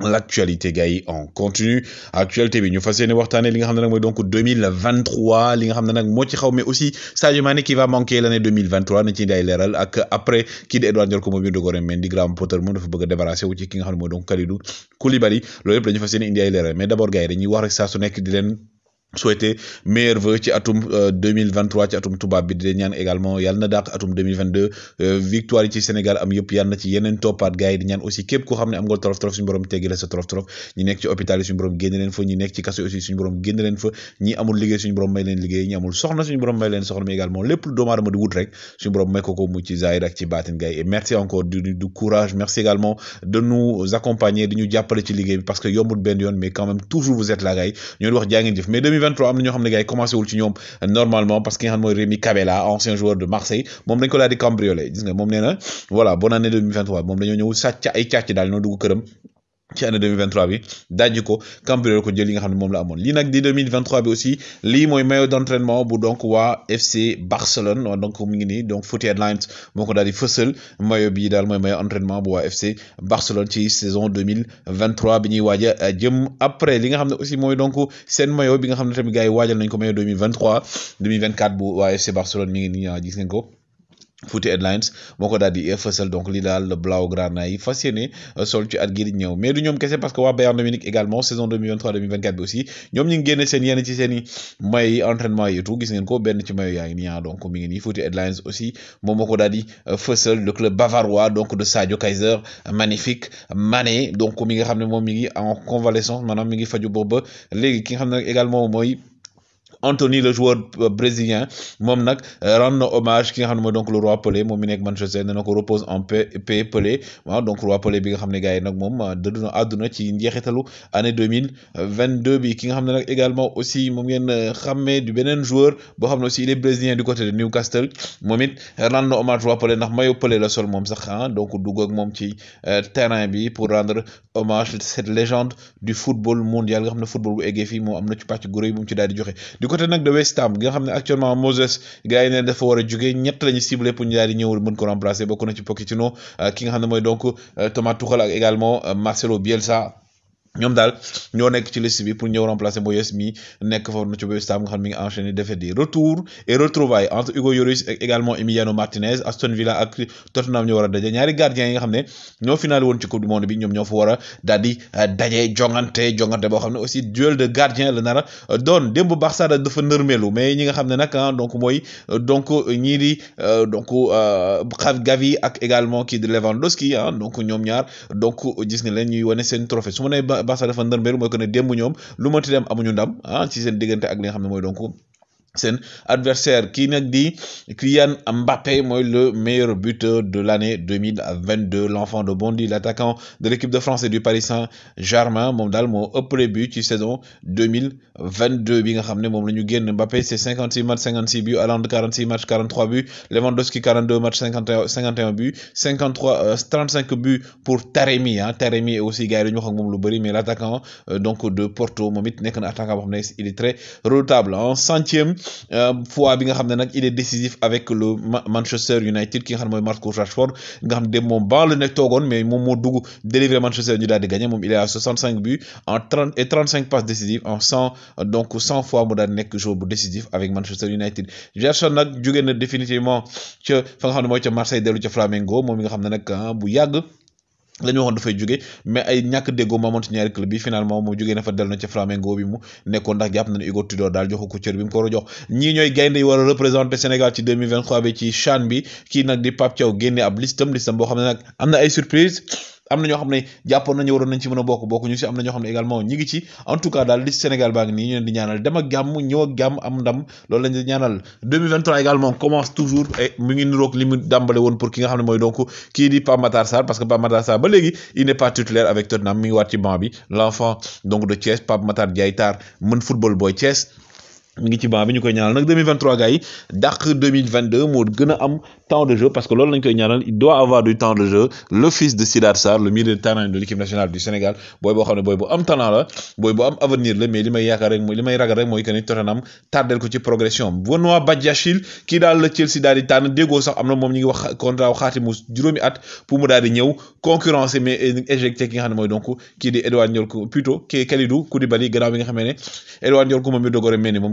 l'actualité gay en continu actualité bi ñu fas yéene li nga xamné nak moy donc 2023 li nga xamné nak mo ci xaw mais aussi Sadio Mané qui va manquer l'année 2023 nañ ci day ay ak après qui de Edouard Ndiolko moom ñu dogoore Mendy Graham Potter moom dafa bëgg a wu ci ki nga xamné moy donc Kalidou Koulibaly loolu yëpp la ñu fas yéene indi ay leeral mais d'abord gars dañuy wax rek sa su nekk di len souhaité meilleurs vœux ci atum 2023 euh, ci atum tubaab bi de ñaan également yalla na dàq atum 2022 euh, victoire ci Sénégal am yëpp yalla na ci yeneen topat gaay di ñaan aussi képp ko xamné am nga torof torof suñu borom teggi la sa torof torof ñi nekk ci hôpital suñu borom génn leen fa ñi nekk ci kaso aussi suñu borom génn leen fa ñi amul liggéey suñu borom may leen liggéey ñi amul soxna suñu borom may leen soxna mais également lepp lu doomu ma di wut rek suñu borom may ko ko mu ci zaahir ak ci batin gaay et merci encore du du courage merci également de nous accompagner di ñu jàppale ci liggéey bi parce que yombul ben yoon mais quand même toujours vous êtes là gaay yi ñoo wax jaa ngeen jëf mais 2023 am na ñoo commencé wul ci ñoom normalement parce que ki nga xam Rémi Cavella, ancien joueur de Marseille mom dañ ko la di cambriolé gis nga mom néna voilà bonne année 2023 moom dañoo ñëw sàcc ay càcc daal ñoo dugg kërëm ci année 2023 bi dajji ko cambrioler ko jël li nga xam ne moom la amoon lii nag di 2023 bi aussi lii mooy maillot d'entraînement bu donc waa FC Barcelone donc mu ngi nii donc Footy Headlines moo ko daal di fësal maillot bi daal mooy maillot entraînement bu waa FC Barcelone ci saison 2023 bi ñuy waaj a euh, jëm après li nga xam ne aussi mooy donc seen maillot bi nga xam ne tamit gars yi waajal nañ ko maillot 2023 2024 bu waa FC Barcelone mi ngi nii ah, gis ngeen ko Footy Headlines moo ko daal di fësal donc lii daal Blaugrana yi fas euh, sol ci at gii di ñëw mais du ñoom kese parce que waa Bayern également saison 2023 2024 bi aussi ñoom ñu ngi génne seen yenn ci seen i may entraînement yi et tout gis ngeen ko benn ci mayo yaa ngi nii ah, donc mi ngi nii Footy Headlines aussi moom moo ko daal di euh, fësal le club bavarois donc de Sadio Kaiser magnifique Mané donc mi nga xam ne moom mi ngi en convalescence maanaam mi ngi faju boobu ba léegi ki nga xam ne également mooy. Anthony le joueur euh, brésilien mom nak euh, rend hommage ki nga xamne donc le roi Pelé mom mi Manchester nee na ko repose en paix Pelé wa donc roi Pelé bi nga xam ne gars yi nag moom euh, dëddu na ci année 2022, bi ki nga xam nak également aussi mom ngeen xamé du benen joueur bo xam aussi il est brésilien du côté de Newcastle momit rend hommage roi Pelé ndax maillot Pelé la seul mom sax hein donc dugg ak mom ci terrain bi pour rendre hommage cette légende du football mondial nga xam football bu eggee fi mom amna ci patch gu rëy bu mu ci daal di te nag de West Ham nga xam ne actuellement Moses gars yi ne dafa war a jóge ñett la ñu ciblé pour ñu daal di ñëw mën ko remplacer bokk na ci Pochettino ki nga xam ne mooy donc euh, Thomas Tuchel ak également euh, Marcelo sa ñom dal ñoo nek ci liste bi pour ñëw remplacer Moyes mi nek foofu na ci West nga xam mi ngi enchaîné défaite des retours et retrouvailles entre Hugo Lloris et également Emiliano Martinez Aston Villa ak Tottenham ñoo wara a ñaari gardiens yi nga xamné ñoo final won ci coupe du monde bi ñom ñoo fa wara a daal di euh, daje jongante jongante boo xam aussi duel de gardien la nara. Don, doon Barça Barça dafa nërmeelu mais ñi nga xamné nak ah, donc moy euh, donc euh, ñi di donc Gavi ak également qui de Lewandowski hein donc ñom ñaar donc gis nga leen ñuy wane sen trophée su ma nee Barça dafa ndar mbéru mooy que ne démb ñoom lu mënti dem amuñu ndam ah ci seen diggante ak li nga xam ne mooy donc seen adversaire kii nag di Kylian Mbappé mooy le meilleur buteur de l'année 2022 l'enfant de Bondy l'attaquant de l'équipe de France et du Paris Saint-Germain moom daal moo ëppale but ci saison 2000 22 bi nga Mbappé c'est 56 matchs 56 buts Allende, 46 matchs 43 buts Lewandowski 42 matchs 51 buts 53 35 euh, buts pour Taremi hein. Taremi Taremi aussi gars ñu wax mais l'attaquant euh, donc de Porto attaquant il est très redoutable en hein. centième euh, fois il est décisif avec le Manchester United Qui nga xam moy Marcus Rashford nga mais Manchester ñu gagner il est à 65 buts en et 35 passes décisives en 100 donc 100 fois mu daan nekk jour bu décisif avec Manchester United Gerson nag jóge na définitivement ca fa nga xam ne mooy ca Marseille dellu ca Flamengo moom mi nga xam ne nag ah, bu yàgg la ñu waxoon dafay jóge mais ay ñàkk déggoo moo amoon ci ñaari club bi finalement mu jógee na fa dellu na ca Flamengo bi mu nekkoon ndax jàpp na ne Hugo Tudor daal joxu ko cër bi mu ko war a jox ñii ñooy gaynde yi war a représenté Sénégal ci 2023 bi ci CHAN bi kii nag di Pape Thiaw génne ab listam listam boo xam ne nag am na ay surprise am na ñoo xam ne jàppoon nañu waroon nañ ci mën a bokk bokk ñu si am na ñoo xam ne également ñi ngi ci en tout cas daal li Sénégal baa ngi nii ñu leen di ñaanal dem gàmm ñëw gàmm am ndam loolu lañ di ñaanal 2023 également commence toujours mu ngi niroog li mu dàmbale woon pour ki nga xam ne mooy donc kii di Pape Matar Sarr parce que Pape Matar Sarr ba léegi il n'est pas titulaire avec Tottenham mi ngi waat ci banc bi l'enfant donc de Thiès mi ngi ci ban bi ñu koy ñaanal nag 2023 gars yi dàq 2022 moo gën a am temps de jeu parce que loolu lañ koy ñaanal il doit avoir du temps de jeu le fils de Sidar Sarr le milieu de terrain de l'équipe nationale du Sénégal booy boo xam ne booy bu am talent la booy bu am avenir la mais li may yaakaar rek mooy li may ragal rek mooy que ni Tottenham tardel ko ci progression Benoît Badiachil kii daal la Chelsea daal di tànn déggoo sax am na moom ñu ngi wax contrat wu xaati mu juróomi at pour mu daal di ñëw concurrencer mais éjecté ki nga xam ne mooy donc kii di Edouard Ndiol plutôt kii Kalidou Koulibaly gannaaw bi nga xam ne Edouard Ndiol moom mi dogore mel ni moom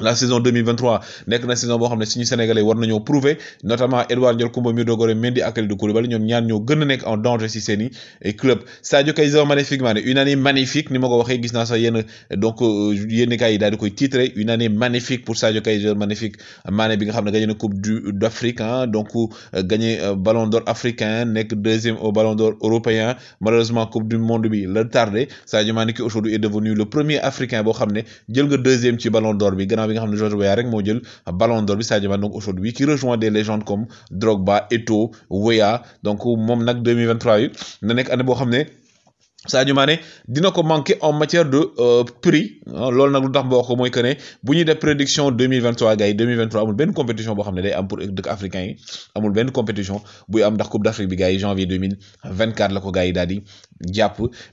la saison 2023 nek na saison bo xamné suñu sénégalais war nañu prouver notamment Edouard Ndiolkoumba mi Mendy ak Kalidou Koulibaly ñom ñaar ñoo gën a en danger si et le club Sadio Kaiza magnifique une année magnifique ni avons ko gis na sa yenn donc euh, yenn kay dal dikoy une année magnifique pour Sadio Kaiza magnifique mané bi nga gagné une coupe du d'Afrique, hein, donc euh, gagné euh, ballon d'or africain nek deuxième au ballon d'or européen malheureusement coupe du monde bi retardée. tardé Sadio Mané qui aujourd'hui est devenu le premier africain bo xamné jël nga deuxième ci ballon d'or bi bi nga xam ne George Weah rek mo jël ballon d'or bi Sadio Mané donc aujourd'hui qui rejoint des légendes comme Drogba Eto'o Weah donc mom nak 2023 yi na nek année bo xamné Sadio Mané dina ko manqué en matière de euh, prix ah, loolu nak lutax tax moy que ne buñu def prédiction 2023 mille 2023, gars yi amul ben compétition bo xamné day am pour deuk africain yi amul ben compétition buy am ndax coupe d'afrique bi gars yi janvier 2024 mille la ko gars yi daal di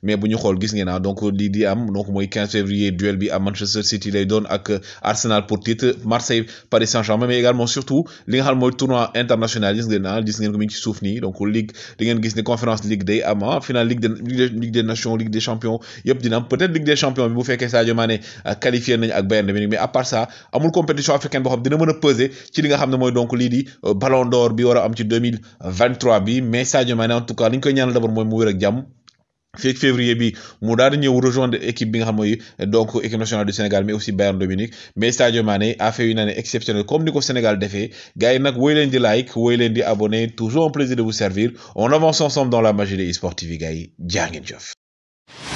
mais buñu xol gis ngeen ah, donc di di am donc mooy 15 février duel bi à Manchester City lay don ak euh, Arsenal pour titre Marseille Paris Saint-Germain mais également surtout li nga xal moy tournoi international gis ngeen ah gis ngeen ko mi ci souf ni donc ligue di ngeen gis ni conférence ligue day am ah final ligue des Nations Ligue des Champions Yep, dina am peut-être Ligue des Champions bi bu fekkee Sadio Mané euh, qualifié nañu ak Bayern Munich mais à part ça amul compétition africaine boo xam dina mën a peser ci li nga xam donc lii euh, Ballon d'Or bi war am ci 2023 bi mais Sadio Mané en tout cas l'inconnu ñu d'abord mooy mu février bi mu daal di rejoindre équipe bi donc équipe nationale du Sénégal mais aussi Bayern dominique mais Sadio Mané a fait une année exceptionnelle comme ni Sénégal defee gars yi nag woy di like woy leen di abonné toujours un plaisir de vous servir on avance ensemble dans la magie des sportives yi gars yi